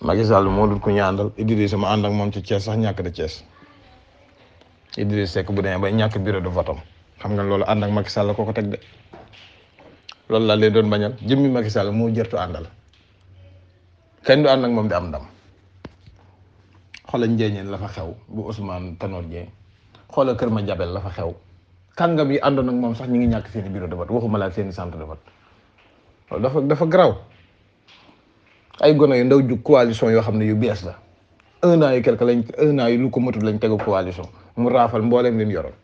Macky Sall moo dul ku ñu àndal Idrissa ma moom ci Thiès sax ñàkk da Thiès Idrissa Seck bu demee ba ñàkk bureau de vote xam nga loolu ànd ak Macky Sall koo ko teg de loolu laa leen doon bañal jëmmi Macky Sall moo jërtu àndal kenn du ànd moom di am ndam xoolal njeeñeen la fa xew bu Ousmane Tanor Dieng a Kër ma jabel la fa xew kàngam yi àndoon ak moom sax ñu ngi ñàkk seen i bureau de vote waxuma laa seen i centre de vote dafa dafa garaaw ay gone yu ndaw jug coalition yoo xam ne yu bees la un an yu quelque lañ lu ko matul lañ tegu coalition mu raafal mbooleem leen yoroon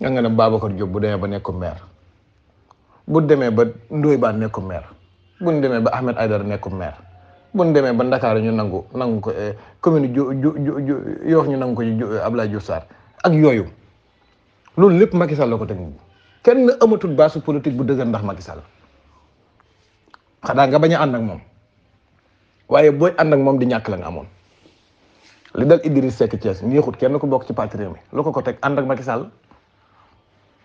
ña nga ne Babacar Diop bu demee ba nekk maire bu demee ba Ndoye Bane nekk maire bu demee ba Ahmed Aïdara nekk maire bu ñu demee ba Ndakaaru nangu nangu ko eh, commune ju ju ju yoo ñu nangu ko ci Abdoulaye Diouf saar ak yooyu loolu lépp Macky la ko teg kenn amatul baasu politique bu dëgër ndax Macky Sall xanaa nga bañ a ànd ak moom. waaye booy ànd ak moom di ñàkk la nga amoon li dal Idriss Seck Thiès neexut kenn ko bokk ci parti réew mi lu ko ko teg ànd ak Macky Sall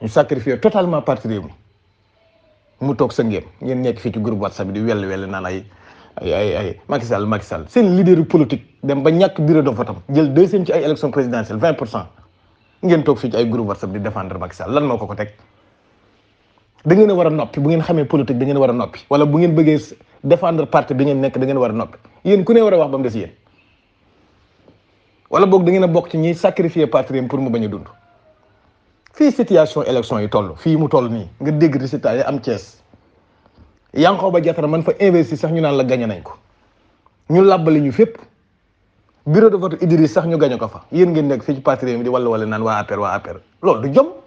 ñu sacrifier totalement parti réew mi mu toog sa ngéem ngeen nekk fii ci groupe WhatsApp bi di welli welli naan ay ay ay ay Macky Sall Macky Sall seen leader politique dem ba ñàkk bureau de vote am jël deuxième ci ay élection présidentielle vingt pour cent ngeen toog fii ci ay groupe WhatsApp di défendre Macky Sall lan moo ko ko teg da ngeen a war a noppi bu ngeen xamee politique da ngeen a war a noppi wala bu ngeen bëggee défendre parti bi ngeen nekk da ngeen war a noppi yéen ku ne war a wax ba mu des yéen wala boog da ngeen a bokk ci ñiy sacrifier parti pour mu bañ a dund fii situation élection yi toll fii mu toll nii nga dégg résultat yi am Thiès Yankhoba Diattara man fa investi sax ñu naan la gañe nañ ko ñu làbbali ñu fépp bureau de vote Idriss sax ñu gañe ko fa yéen ngeen nekk fii ci parti mi di wala wala naan waa APR waa APR loolu du jom